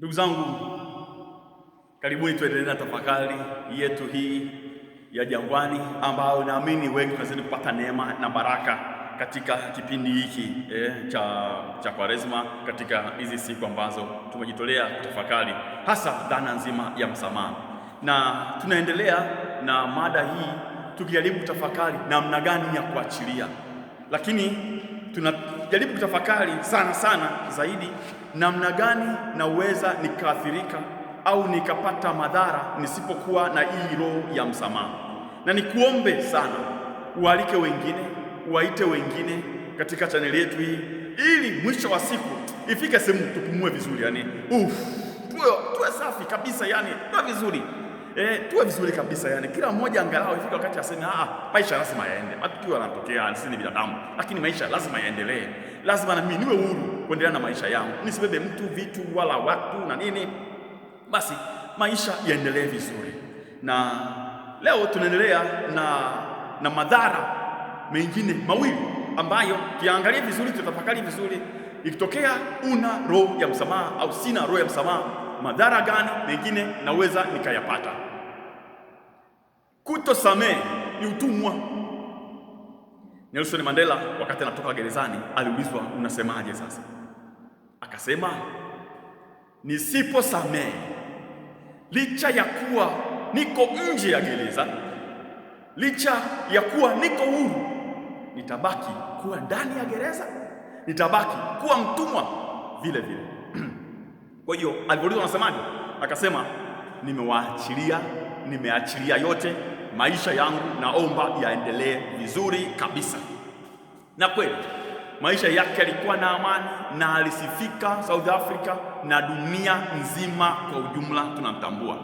Ndugu zangu, karibuni tuendelee na tafakari yetu hii ya jangwani, ambayo naamini wengi tunazidi kupata neema na baraka katika kipindi hiki eh, cha, cha Kwaresma, katika hizi siku ambazo tumejitolea kutafakari hasa dhana nzima ya msamaha, na tunaendelea na mada hii tukijaribu tafakari namna gani ya kuachilia, lakini tuna jaribu kutafakari sana sana zaidi namna gani naweza nikaathirika au nikapata madhara nisipokuwa na hii roho ya msamaha. Na nikuombe sana ualike wengine, uwaite wengine katika chaneli yetu hii, ili mwisho wa siku ifike sehemu tupumue vizuri, yani tuwe, tuwe safi kabisa, yani tuwe vizuri. Eh, tuwe vizuri kabisa yani, kila mmoja angalau ifike wakati aseme ah, ah, maisha lazima yaende, matukio yanatokea, sisi ni binadamu, lakini maisha lazima yaendelee, lazima na mimi niwe huru kuendelea na maisha yangu, nisibebe mtu vitu wala watu na nini, basi maisha yaendelee vizuri. Na leo tunaendelea na, na madhara mengine mawili ambayo kiangalia vizuri, tutafakari vizuri, ikitokea una roho ya msamaha au sina roho ya msamaha madhara gani mengine naweza nikayapata. Kutosamehe ni utumwa. Nelson Mandela wakati anatoka gerezani aliulizwa, unasemaje sasa? Akasema, nisiposamehe, licha ya kuwa niko nje ya gereza, licha ya kuwa niko huru, nitabaki kuwa ndani ya gereza, nitabaki kuwa mtumwa vile vile. Kwa hiyo alipoulizwa anasemaje? Akasema, nimewaachilia, nimeachilia yote, maisha yangu naomba yaendelee vizuri kabisa. Na kweli maisha yake yalikuwa na amani na alisifika South Africa na dunia nzima kwa ujumla, tunamtambua.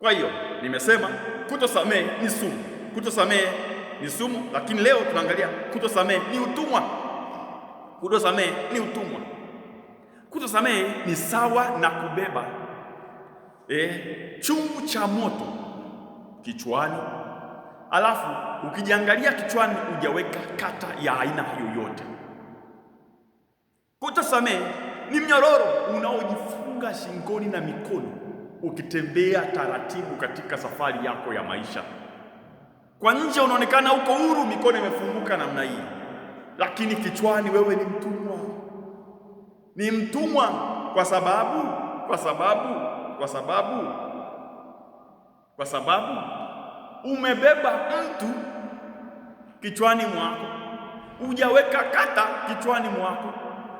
Kwa hiyo nimesema kutosamehe ni sumu, kutosamehe ni sumu, lakini leo tunaangalia kutosamehe ni utumwa, kutosamehe ni utumwa. Kutosamehe ni sawa na kubeba eh, chungu cha moto kichwani, alafu ukijiangalia kichwani hujaweka kata ya aina yoyote. Kutosamehe ni mnyororo unaojifunga shingoni na mikono ukitembea taratibu katika safari yako ya maisha. Kwa nje unaonekana uko huru, mikono imefunguka namna hii, lakini kichwani wewe ni mtumwa ni mtumwa kwa sababu kwa sababu kwa sababu kwa sababu umebeba mtu kichwani mwako, hujaweka kata kichwani mwako,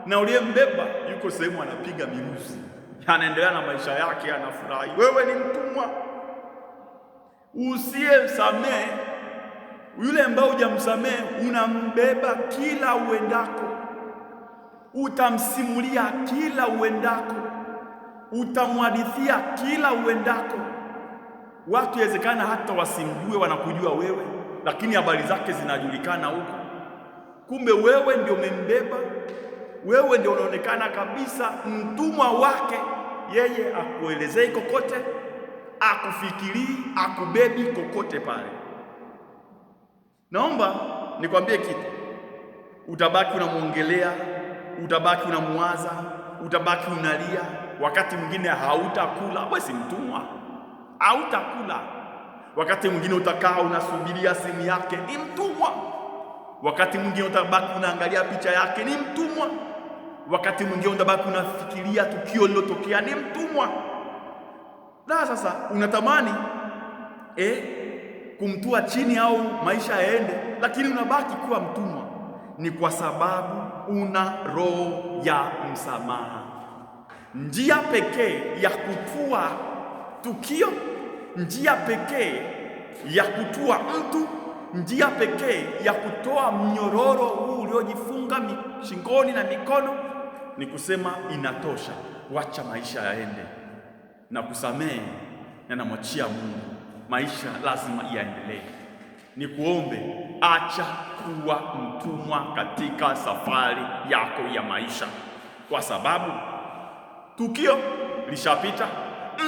na uliyembeba yuko sehemu anapiga miruzi, anaendelea na maisha yake, anafurahi. Wewe ni mtumwa usiyemsamehe yule ambaye hujamsamehe, unambeba kila uendako utamsimulia kila uendako, utamwadithia kila uendako. Watu yawezekana hata wasimjue, wanakujua wewe, lakini habari zake zinajulikana huko. Kumbe wewe ndio umembeba, wewe ndio unaonekana kabisa mtumwa wake. Yeye akuelezei kokote, akufikirii, akubebi kokote pale. Naomba nikwambie kitu, utabaki unamwongelea utabaki unamwaza, utabaki unalia, wakati mwingine hautakula. Wewe si mtumwa, hautakula. Wakati mwingine utakaa unasubiria simu yake, ni mtumwa. Wakati mwingine utabaki unaangalia picha yake, ni mtumwa. Wakati mwingine utabaki unafikiria tukio lilotokea, ni mtumwa. Na sasa unatamani eh, kumtua chini au maisha yaende, lakini unabaki kuwa mtumwa. Ni kwa sababu una roho ya msamaha. Njia pekee ya kutua tukio, njia pekee ya kutua mtu, njia pekee ya kutoa mnyororo huu uliojifunga shingoni na mikono ni kusema inatosha, wacha maisha yaende na kusamehe na namwachia Mungu. Maisha lazima yaendelee ni kuombe, acha kuwa mtumwa katika safari yako ya maisha, kwa sababu tukio lishapita,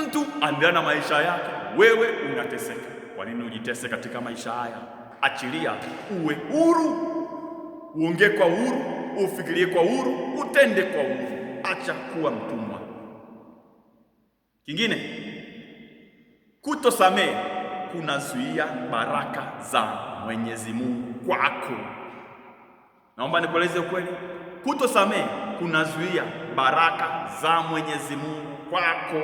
mtu anaendelea na maisha yake, wewe unateseka. Kwa nini ujitese katika maisha haya? Achilia, uwe huru, uongee kwa uhuru, ufikirie kwa uhuru, utende kwa uhuru. Acha kuwa mtumwa. Kingine, kutosamehe kunazuia baraka za Mwenyezi Mungu kwako. Naomba nikueleze ukweli, kutosamehe kunazuia baraka za Mwenyezi Mungu kwako.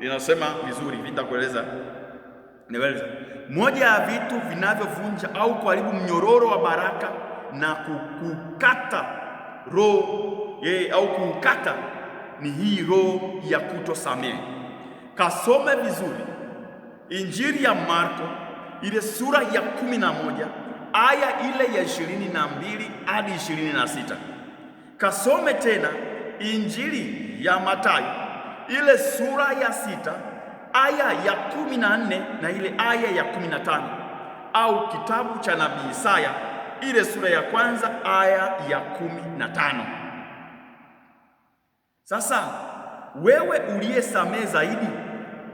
Inasema vizuri, vitakueleza nieleza. Moja ya vitu vinavyovunja au kuharibu mnyororo wa baraka na kukata roho yeye, au kukata ni hii roho ya kutosamehe. Kasome vizuri Injili ya Marko ile sura ya kumi na moja aya ile ya ishirini na mbili hadi ishirini na sita. Kasome tena Injili ya matayo ile sura ya sita aya ya kumi na nne na ile aya ya kumi na tano au kitabu cha nabii Isaya ile sura ya kwanza aya ya kumi na tano. Sasa wewe uliyesamehe zaidi,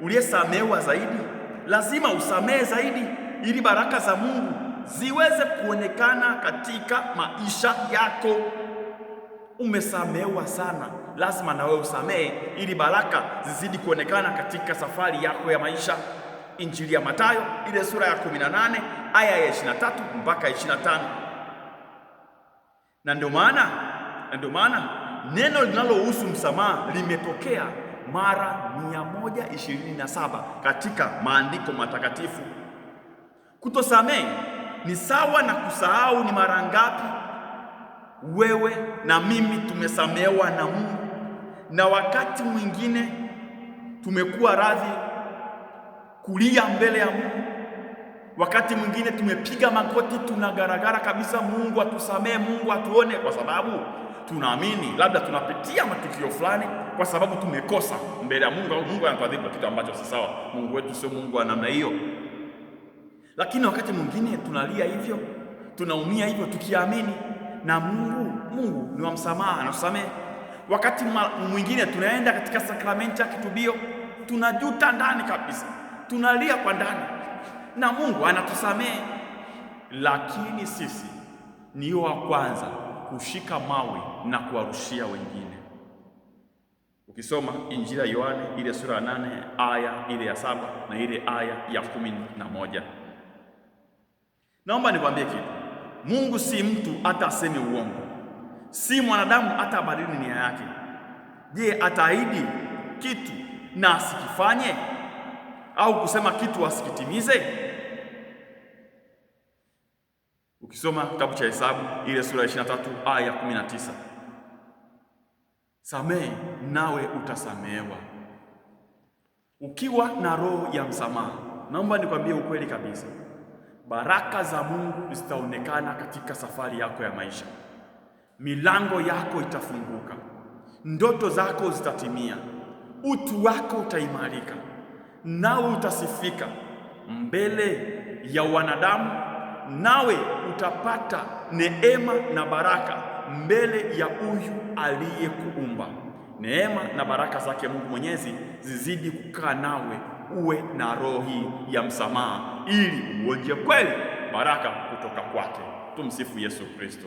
uliyesamehewa zaidi lazima usamehe zaidi, ili baraka za Mungu ziweze kuonekana katika maisha yako. Umesamehewa sana, lazima na wewe usamehe, ili baraka zizidi kuonekana katika safari yako ya maisha. Injili ya Mathayo ile sura ya 18 aya ya 23 mpaka 25. Na ndio maana na ndio maana neno linalohusu msamaha limetokea mara 127 katika maandiko matakatifu. Kutosamehe ni sawa na kusahau. Ni mara ngapi wewe na mimi tumesamehewa na Mungu? Na wakati mwingine tumekuwa radhi kulia mbele ya Mungu, wakati mwingine tumepiga magoti, tunagaragara kabisa, Mungu atusamehe, Mungu atuone, kwa sababu tunaamini labda tunapitia matukio fulani kwa sababu tumekosa mbele ya Mungu, au Mungu anatuadhibu kitu ambacho si sawa. Mungu wetu sio Mungu wa namna hiyo, lakini wakati mwingine tunalia hivyo, tunaumia hivyo, tukiamini na Mungu. Mungu ni wa msamaha, anatusamehe. Wakati mwingine tunaenda katika sakramenti ya kitubio, tunajuta ndani kabisa, tunalia kwa ndani na Mungu anatusamehe, lakini sisi ni wa kwanza kushika mawe na kuwarushia wengine. Ukisoma Injili ya Yohane ile sura ya nane aya ile ya saba na ile aya ya kumi na moja. Naomba nikwambie kitu, Mungu si mtu hata aseme uongo, si mwanadamu hata abadili nia yake. Je, ataahidi kitu na asikifanye au kusema kitu asikitimize? Ukisoma kitabu cha Hesabu ile sura ya 23 aya ya 19, samehe nawe utasamehewa. Ukiwa na roho ya msamaha, naomba nikwambie ukweli kabisa, baraka za Mungu zitaonekana katika safari yako ya maisha. Milango yako itafunguka, ndoto zako zitatimia, utu wako utaimarika, nawe utasifika mbele ya wanadamu nawe utapata neema na baraka mbele ya huyu aliyekuumba. Neema na baraka zake Mungu Mwenyezi zizidi kukaa nawe, uwe na roho hii ya msamaha, ili uonje kweli baraka kutoka kwake. Tumsifu Yesu Kristo.